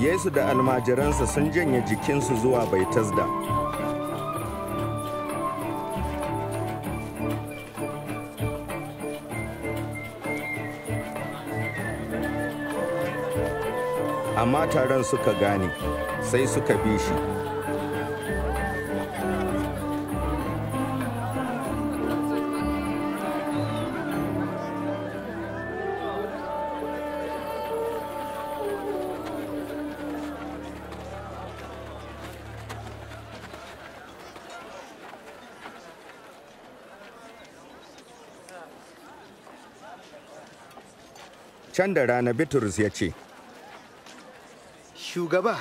Yesu da almajiransa sun janye jikinsu zuwa Baitasda. Amma taron suka gane, sai suka bi shi. Can da rana Bitrus ya ce, Shugaba,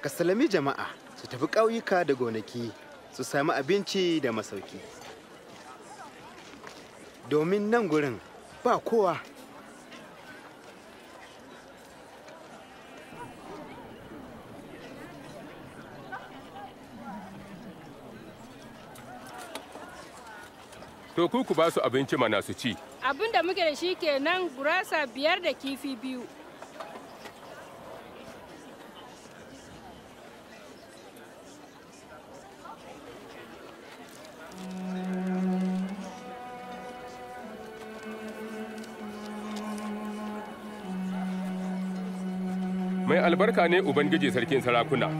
ka salami jama'a su tafi ƙauyuka da gonaki su sami abinci da masauki. Domin nan gurin ba kowa. To ku ku ba su abinci mana su ci. Abin da muke da shi kenan gurasa biyar da kifi biyu. Mai albarka ne Ubangiji sarkin sarakuna,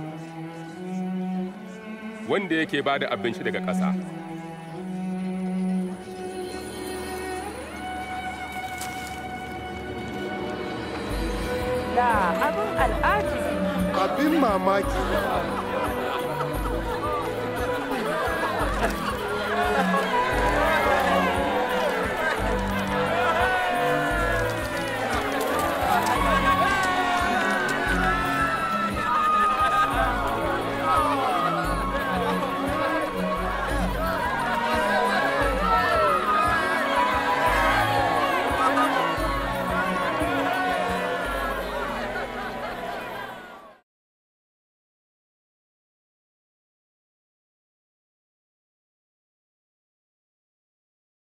wanda yake ba da abinci daga ƙasa. da abin al'ajabi abin mamaki